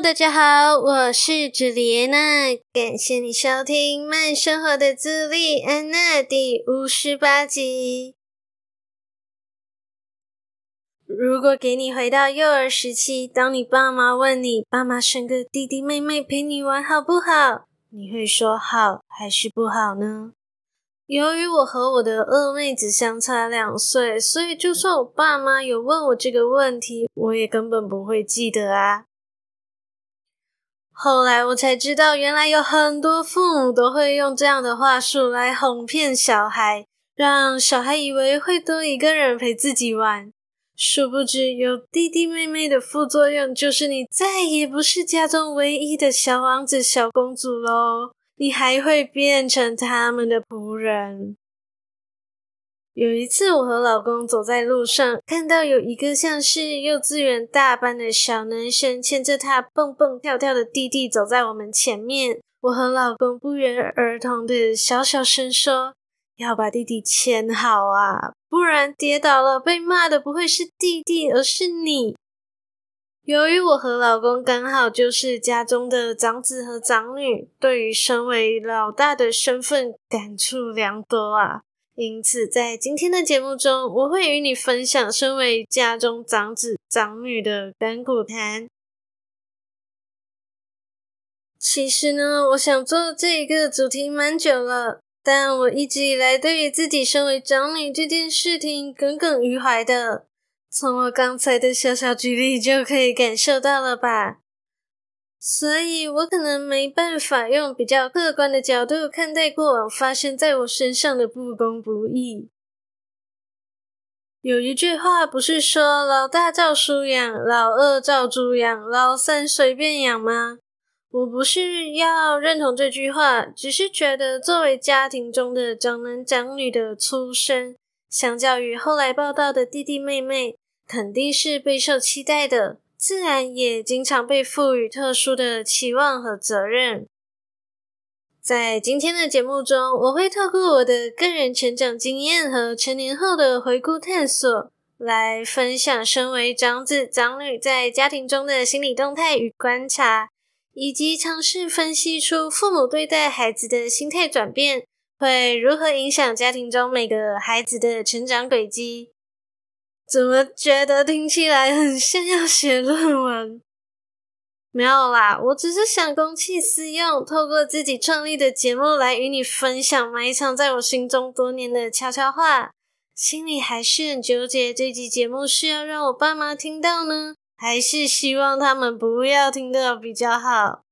大家好，我是茱莉安娜，感謝你收聽《慢生活的茱莉安娜》第五十八集。如果給你回到幼兒時期，當你爸媽問你，爸媽生個弟弟妹妹陪你玩好不好？你會說好還是不好呢？由於我和我的二妹只相差兩歲，所以就算我爸媽有問我這個問題，我也根本不會記得啊。後來我才知道，原來有很多父母都會用這樣的話術來哄騙小孩，讓小孩以為會多一個人陪自己玩。殊不知，有弟弟妹妹的副作用就是你再也不是家中唯一的小王子、小公主嘍，你還會變成他們的僕人。有一次，我和老公走在路上，看到有一個像是幼稚園大班的小男生牽着他蹦蹦跳跳的弟弟走在我們前面。我和老公不約而同的小小聲說：“要把弟弟牽好啊，不然跌倒了被罵的不會是弟弟，而是你。”由於我和老公剛好就是家中的長子和長女，對於身為老大的身份感觸良多啊。因此，在今天的節目中，我會與你分享身為家中長子長女的甘苦談。其實呢，我想做這一個主題蠻久了，但我一直以來對於自己身為長女這件事情耿耿於懷的，從我剛才的小小舉例就可以感受到了吧。所以，我可能沒辦法用比較客觀的角度看待過往發生在我身上的不公不義。有一句話不是說“老大照書養，老二照豬養，老三隨便養”嗎？我不是要認同這句話，只是覺得作為家庭中的長男長女的出生，相較於後來報道的弟弟妹妹，肯定是備受期待的。自然也經常被賦予特殊的期望和責任。在今天的節目中，我會透過我的個人成長經驗和成年後的回顧探索，來分享身為長子長女在家庭中的心理動態與觀察，以及嘗試分析出父母對待孩子的心態轉變會如何影響家庭中每個孩子的成長軌跡。怎麼覺得聽起來很像要寫論文？沒有啦，我只是想公器私用，透過自己創立的節目來與你分享埋藏在我心中多年的悄悄話。心裡還是很糾結，這集節目是要讓我爸媽聽到呢，還是希望他們不要聽到比較好？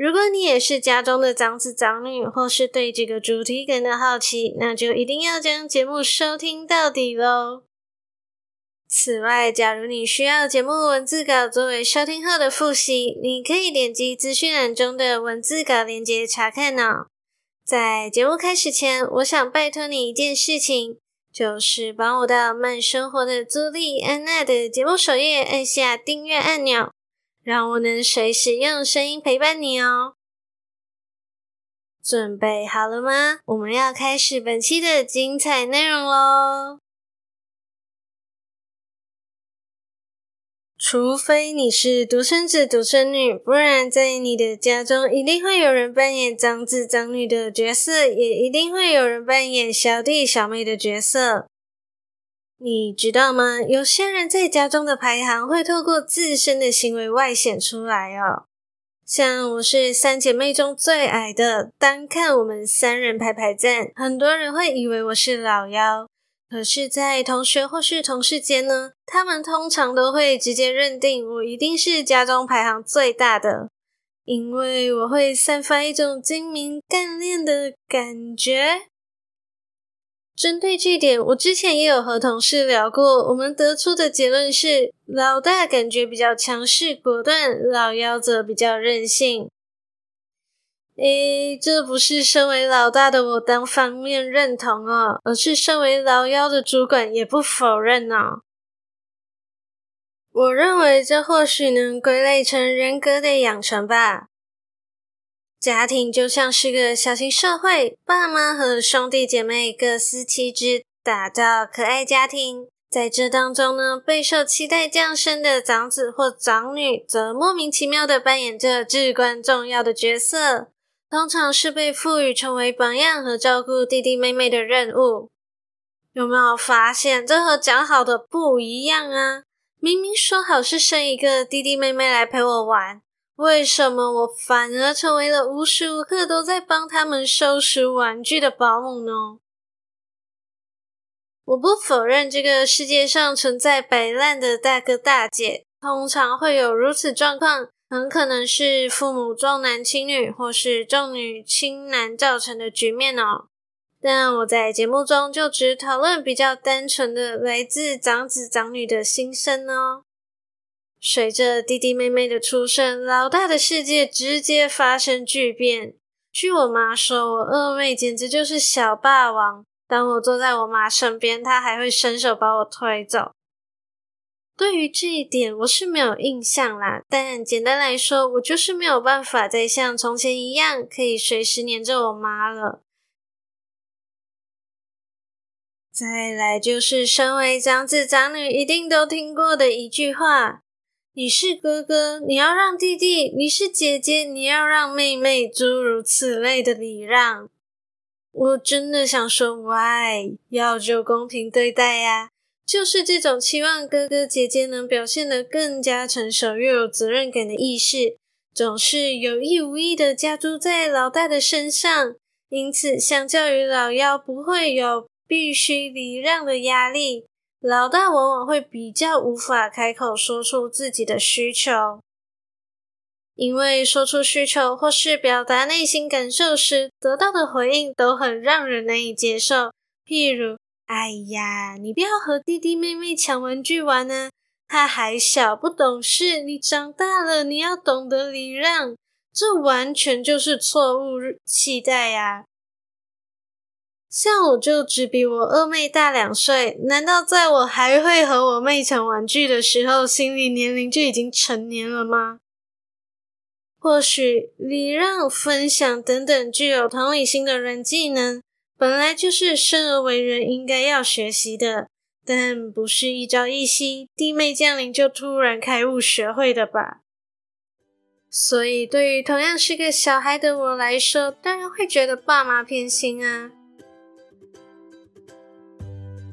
如果你也是家中的長子長女，或是對這個主題感到好奇，那就一定要將節目收聽到底嘍。此外，假如你需要節目文字稿作為收聽後的複習，你可以點擊資訊欄中的文字稿連結查看哦。在節目開始前，我想拜託你一件事情，就是幫我到慢生活的朱莉安娜的節目首頁按下訂閱按鈕。讓我能隨時用聲音陪伴你哦。準備好了嗎？我們要開始本期的精彩內容嘍。除非你是獨生子獨生女，不然在你的家中一定會有人扮演長子長女的角色，也一定會有人扮演小弟小妹的角色。你知道嗎？有些人在家中的排行會透過自身的行為外顯出來哦。像我是三姐妹中最矮的，單看我們三人排排站，很多人會以為我是老幺。可是，在同學或是同事間呢，他們通常都會直接認定我一定是家中排行最大的，因為我會散發一種精明幹練的感覺。針對這點，我之前也有和同事聊過，我們得出的結論是：老大感覺比較強勢果斷，老幺則比較任性。誒，這不是身為老大的我單方面認同哦，而是身為老幺的主管也不否認呢。我認為這或許能歸類成人格的養成吧。家庭就像是個小型社會，爸媽和兄弟姐妹各司其職，打造可愛家庭。在這當中呢，備受期待降生的長子或長女，則莫名其妙的扮演着至關重要的角色。通常是被賦予成為榜樣和照顧弟弟妹妹的任務。有沒有發現，這和講好的不一樣啊？明明說好是生一個弟弟妹妹來陪我玩。為什麼我反而成為了無時無刻都在幫他們收拾玩具的保姆呢？我不否認這個世界上存在擺爛的大哥大姐，通常會有如此狀況，很可能是父母重男輕女或是重女輕男造成的局面哦。但我在節目中就只討論比較單純的來自長子長女的心聲哦。隨着弟弟妹妹的出生，老大的世界直接發生巨變。據我媽說，我二妹簡直就是小霸王。當我坐在我媽身邊，她還會伸手把我推走。對於這一點，我是沒有印象啦，但簡單來說，我就是沒有辦法再像從前一樣，可以隨時黏着我媽了。再來就是身為長子長女一定都聽過的一句話。你是哥哥，你要讓弟弟；你是姐姐，你要讓妹妹，諸如此類的禮讓。我真的想說，Why？要就公平對待呀、啊！就是這種期望，哥哥姐姐能表現得更加成熟又有責任感的意識，總是有意無意的加諸在老大的身上。因此，相較於老幺，不會有必須禮讓的壓力。老大往往會比較無法開口說出自己的需求，因為說出需求或是表達內心感受時，得到的回應都很讓人難以接受。譬如：“哎呀，你不要和弟弟妹妹搶玩具玩呢、啊，他還小不懂事，你長大了你要懂得禮讓，這完全就是錯誤期待呀、啊。”像我就只比我二妹大兩歲，難道在我還會和我妹搶玩具的時候，心理年齡就已經成年了嗎？或許禮讓、分享等等具有同理心的人技能，本來就是生而為人應該要學習的，但不是一朝一夕，弟妹降臨就突然開悟學會的吧？所以對於同樣是個小孩的我來說，當然會覺得爸媽偏心啊。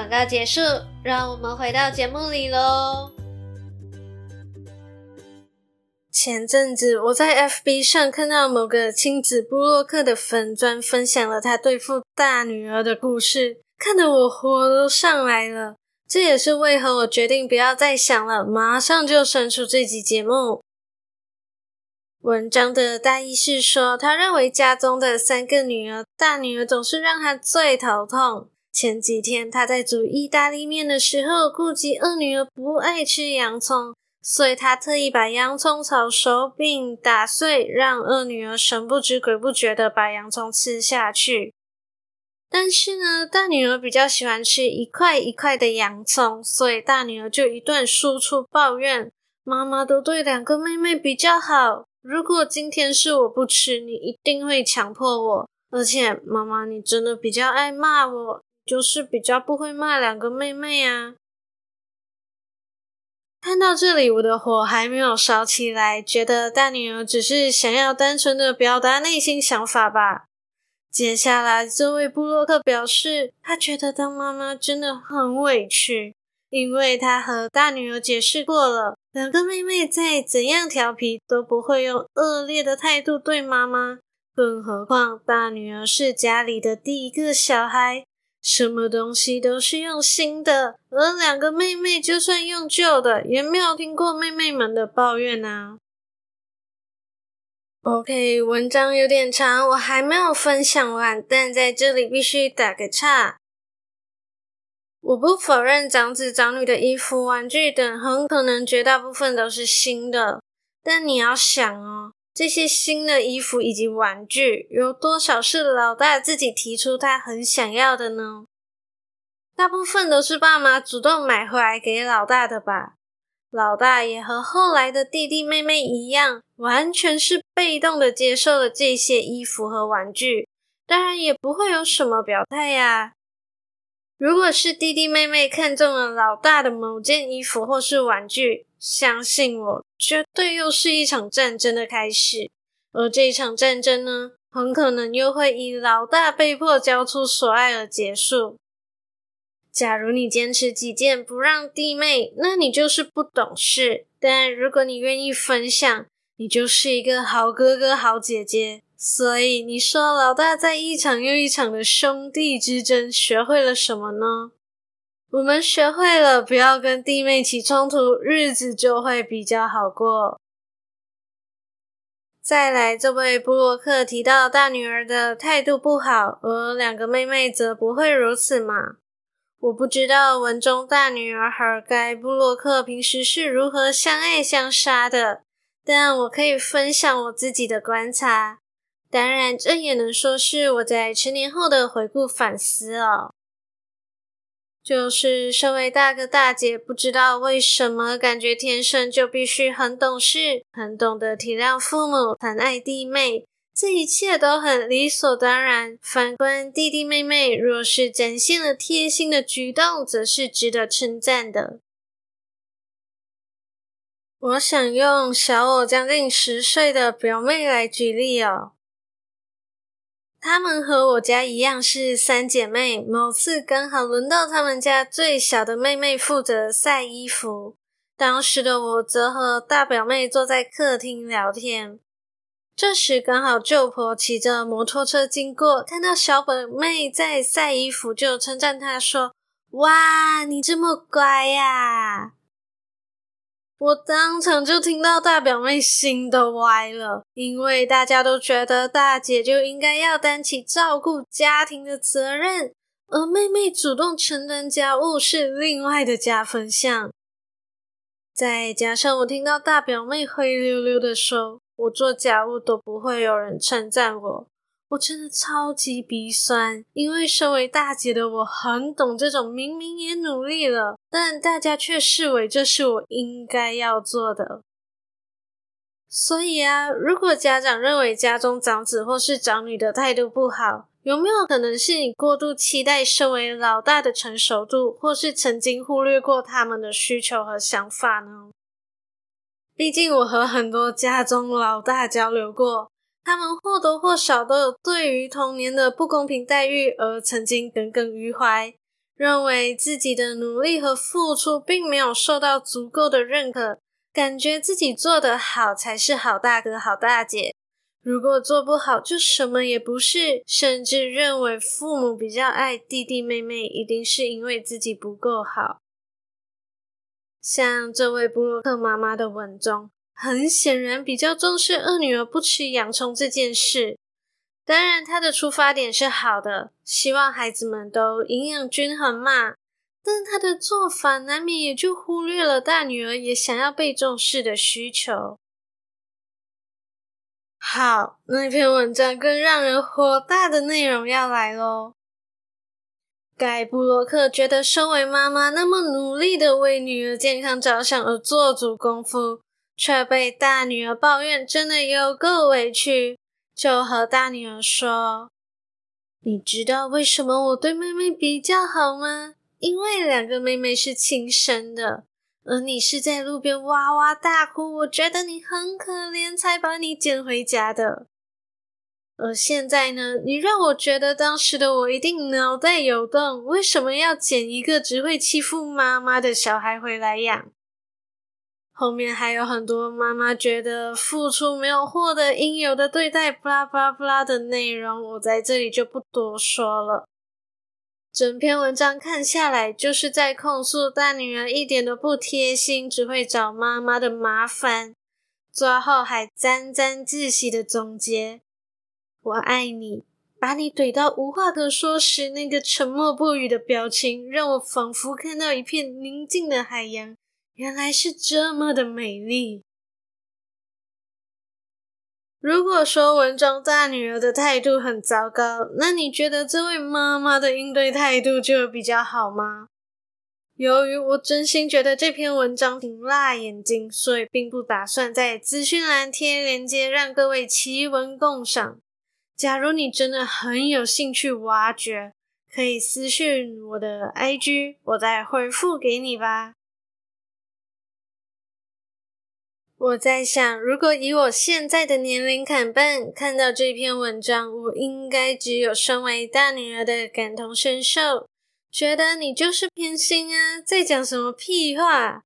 廣告結束，讓我們回到節目裡嘍。前陣子我在 FB 上看到某個親子部落客的粉專分享了他對付大女兒的故事，看得我火都上來了。這也是為何我決定不要再想了，馬上就生出這集節目。文章的大意是說，他認為家中的三個女兒，大女兒總是讓他最頭痛。前幾天他在煮意大利麵的時候，顧及二女兒不愛吃洋蔥，所以他特意把洋蔥炒熟並打碎，讓二女兒神不知鬼不覺的把洋蔥吃下去。但是呢，大女兒比較喜歡吃一塊一塊的洋蔥，所以大女兒就一頓輸出抱怨：“媽媽都對兩個妹妹比較好，如果今天是我不吃，你一定會強迫我，而且媽媽你真的比較愛罵我。”就是比較不會罵兩個妹妹啊。看到這裡，我的火還沒有燒起來，覺得大女兒只是想要單純的表達內心想法吧。接下來，這位部落客表示，他覺得當媽媽真的很委屈，因為他和大女兒解釋過了，兩個妹妹再怎樣調皮都不會用惡劣的態度對媽媽，更何況大女兒是家裡的第一個小孩。什麼東西都是用新的，而兩個妹妹就算用舊的，也沒有聽過妹妹們的抱怨啊。OK，文章有點長，我還沒有分享完，但在這裡必須打個岔。我不否認長子長女的衣服、玩具等很可能絕大部分都是新的，但你要想哦。這些新的衣服以及玩具，有多少是老大自己提出他很想要的呢？大部分都是爸媽主動買回來給老大的吧。老大也和後來的弟弟妹妹一樣，完全是被動的接受了這些衣服和玩具，當然也不會有什麼表態呀、啊。如果是弟弟妹妹看中了老大的某件衣服或是玩具，相信我，絕對又是一場戰爭的開始。而這一場戰爭呢，很可能又會以老大被迫交出所愛而結束。假如你堅持己見，不讓弟妹，那你就是不懂事；但如果你願意分享，你就是一個好哥哥、好姐姐。所以你說，老大在一場又一場的兄弟之爭，學會了什麼呢？我們學會了不要跟弟妹起衝突，日子就會比較好過。再來，這位部落客提到大女兒的態度不好，而兩個妹妹則不會如此嘛。我不知道文中大女兒和該部落客平時是如何相愛相殺的，但我可以分享我自己的觀察。當然，這也能說是我在成年後的回顧反思哦。就是身為大哥大姐，不知道為什麼感覺天生就必須很懂事、很懂得體諒父母、疼愛弟妹，這一切都很理所當然。反觀弟弟妹妹，若是展現了貼心的舉動，則是值得稱讚的。我想用小我將近十歲的表妹來舉例哦。他們和我家一樣是三姐妹。某次剛好輪到他們家最小的妹妹負責曬衣服，當時的我則和大表妹坐在客廳聊天。這時剛好舅婆騎着摩托車經過，看到小表妹在曬衣服，就稱讚她說：“哇，你這麼乖呀！”我當場就聽到大表妹心都歪了，因為大家都覺得大姐就應該要擔起照顧家庭的責任，而妹妹主動承擔家務是另外的加分項。再加上我聽到大表妹灰溜溜的說：“我做家務都不會有人稱讚我。”我真的超級鼻酸，因為身為大姐的我很懂這種明明也努力了，但大家卻視為這是我應該要做的。所以啊，如果家長認為家中長子或是長女的態度不好，有沒有可能是你過度期待身為老大的成熟度，或是曾經忽略過他們的需求和想法呢？畢竟我和很多家中老大交流過。他們或多或少都有對於童年的不公平待遇而曾經耿耿於懷，認為自己的努力和付出並沒有受到足夠的認可，感覺自己做得好才是好大哥、好大姐，如果做不好就什麼也不是，甚至認為父母比較愛弟弟妹妹一定是因為自己不夠好。像這位布洛克媽媽的文中，很顯然，比較重視二女兒不吃洋蔥這件事。當然，她的出發點是好的，希望孩子們都營養均衡嘛。但她的做法難免也就忽略了大女兒也想要被重視的需求。好，那篇文章更讓人火大的內容要來嘍。蓋布洛克覺得，身為媽媽，那麼努力的為女兒健康着想而做足功夫。卻被大女兒抱怨，真的有夠委屈，就和大女兒說：“你知道為什麼我對妹妹比較好嗎？因為兩個妹妹是親生的，而你是在路邊哇哇大哭，我覺得你很可憐，才把你撿回家的。而現在呢，你讓我覺得當時的我一定腦袋有洞，為什麼要撿一個只會欺負媽媽的小孩回來養？”後面還有很多媽媽覺得付出沒有獲得應有的對待，巴拉巴拉巴拉的內容，我在這裡就不多說了。整篇文章看下來，就是在控訴大女兒一點都不貼心，只會找媽媽的麻煩，最後還沾沾自喜的總結：“我愛你”，把你懟到無話可說時，那個沉默不語的表情，讓我仿佛看到一片寧靜的海洋。原來是這麼的美麗。如果說文章大女兒的態度很糟糕，那你覺得這位媽媽的應對態度就比較好嗎？由於我真心覺得這篇文章挺辣眼睛，所以並不打算在資訊欄貼連接讓各位奇文共賞。假如你真的很有興趣挖掘，可以私訊我的 IG，我再回覆給你吧。我在想，如果以我現在的年齡砍半，看到這篇文章，我應該只有身為大女兒的感同身受，覺得你就是偏心啊，在講什麼屁話。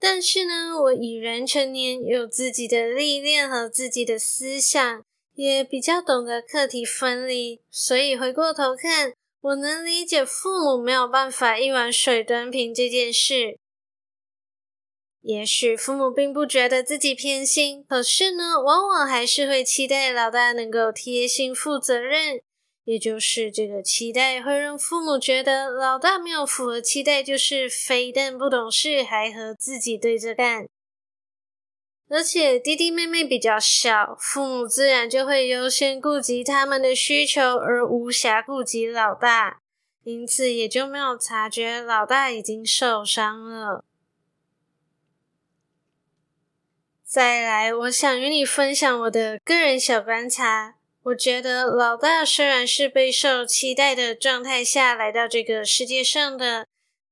但是呢，我已然成年，有自己的歷練和自己的思想，也比較懂得課題分離，所以回過頭看，我能理解父母沒有辦法一碗水端平這件事。也許父母並不覺得自己偏心，可是呢，往往還是會期待老大能夠貼心、負責任。也就是這個期待會讓父母覺得老大沒有符合期待，就是非但不懂事，還和自己對着幹。而且弟弟妹妹比較小，父母自然就會優先顧及他們的需求，而無暇顧及老大，因此也就沒有察覺老大已經受傷了。再來，我想與你分享我的個人小觀察。我覺得老大雖然是備受期待的狀態下來到這個世界上的，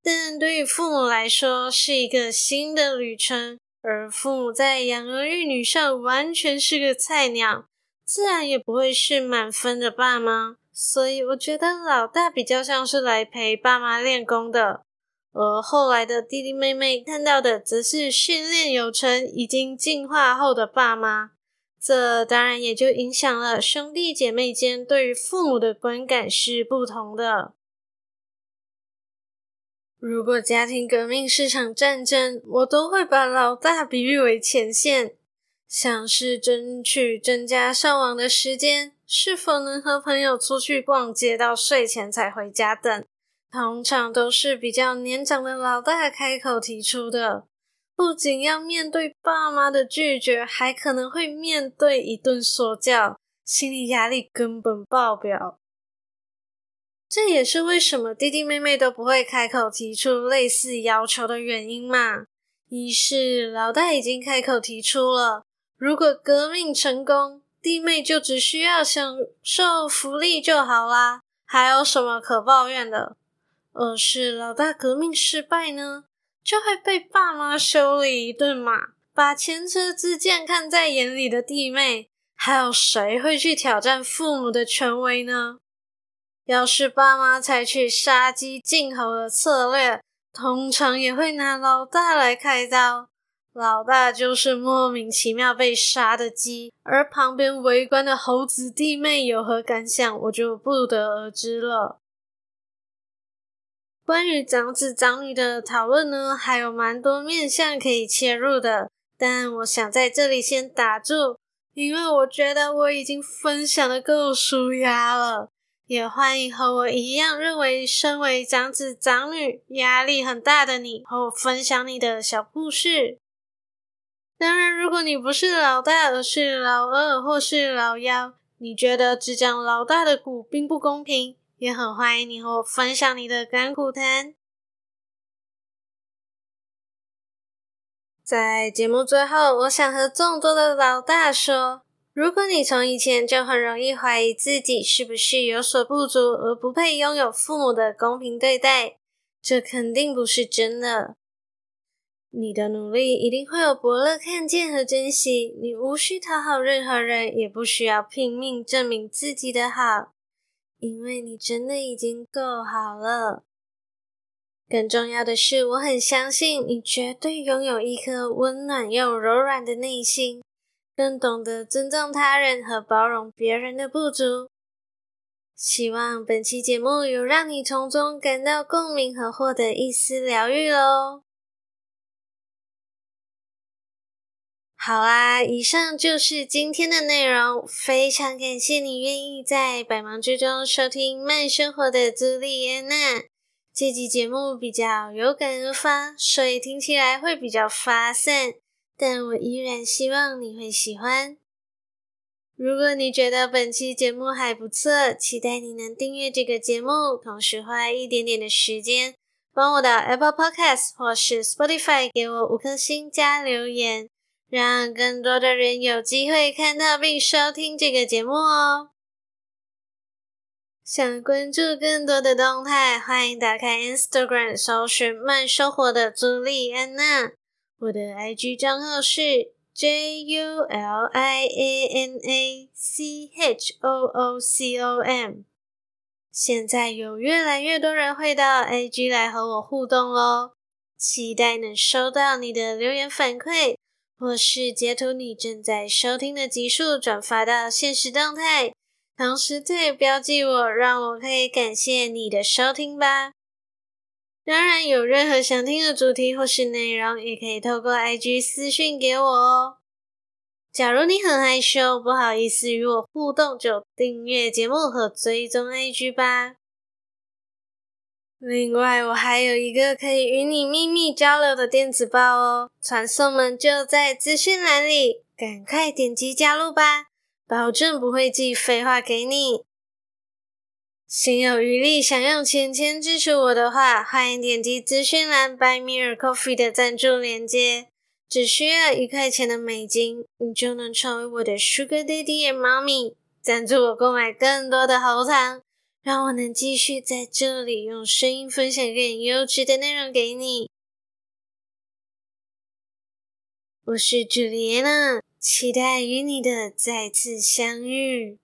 但對於父母來說是一個新的旅程。而父母在養兒育女上完全是個菜鳥，自然也不會是滿分的爸媽。所以，我覺得老大比較像是來陪爸媽練功的。而後來的弟弟妹妹看到的，則是訓練有成、已經進化後的爸媽。這當然也就影響了兄弟姐妹間對於父母的觀感是不同的。如果家庭革命是場戰爭，我都會把老大比喻為前線，像是爭取增加上網的時間，是否能和朋友出去逛街到睡前才回家等。通常都是比較年長的老大開口提出的，不僅要面對爸媽的拒絕，還可能會面對一頓說教，心理壓力根本爆表。這也是為什麼弟弟妹妹都不會開口提出類似要求的原因嘛？一是老大已經開口提出了，如果革命成功，弟妹就只需要享受福利就好啦，還有什麼可抱怨的？而是老大革命失敗呢，就會被爸媽修理一頓嘛。把前車之鑑看在眼裡的弟妹，還有誰會去挑戰父母的權威呢？要是爸媽採取殺雞儆猴的策略，通常也會拿老大來開刀。老大就是莫名其妙被殺的雞，而旁邊圍觀的猴子弟妹有何感想，我就不得而知了。關於長子長女的討論呢，還有蠻多面向可以切入的，但我想在這裡先打住，因為我覺得我已經分享得夠舒壓了。也歡迎和我一樣認為身為長子長女壓力很大的你，和我分享你的小故事。當然，如果你不是老大，而是老二或是老幺，你覺得只講老大的苦並不公平。也很歡迎你和我分享你的甘苦談。在節目最後，我想和眾多的老大說：如果你從以前就很容易懷疑自己是不是有所不足，而不配擁有父母的公平對待，這肯定不是真的。你的努力一定會有伯樂看見和珍惜，你無需討好任何人，也不需要拼命證明自己的好。因為你真的已經夠好了，更重要的是，我很相信你絕對擁有一顆溫暖又柔軟的內心，更懂得尊重他人和包容別人的不足。希望本期節目有讓你從中感到共鳴和獲得一絲療癒囉。好啊，以上就是今天的內容。非常感謝你願意在百忙之中收聽慢生活的朱莉安娜。這集節目比較有感而發，所以聽起來會比較發散，但我依然希望你會喜歡。如果你覺得本期節目還不錯，期待你能訂閱這個節目，同時花一點點的時間幫我的 Apple Podcast 或是 Spotify 給我五顆星加留言。讓更多的人有機會看到並收聽這個節目哦！想關注更多的動態，歡迎打開 Instagram，搜尋慢生活的朱莉安娜。我的 IG 賬號是 JulianaChoo.com。現在有越來越多人會到 IG 來和我互動哦，期待能收到你的留言反饋。或是截圖你正在收聽的集數，轉發到限時動態，同時再標記我，讓我可以感謝你的收聽吧。當然，有任何想聽的主題或是內容，也可以透過 IG 私訊給我哦。假如你很害羞，不好意思與我互動，就訂閱節目和追蹤 IG 吧。另外，我還有一個可以與你秘密交流的電子報哦，傳送門就在資訊欄裡，趕快點擊加入吧，保證不會寄廢話給你。心有餘力想用錢錢支持我的話，歡迎點擊資訊欄 Buy me a coffee 的贊助鏈接，只需要一塊錢的美金，你就能成為我的 Sugar Daddy and Mommy，贊助我購買更多的猴糖。讓我能繼續在這裡用聲音分享更優質的內容給你。我是 Juliana，期待與你的再次相遇。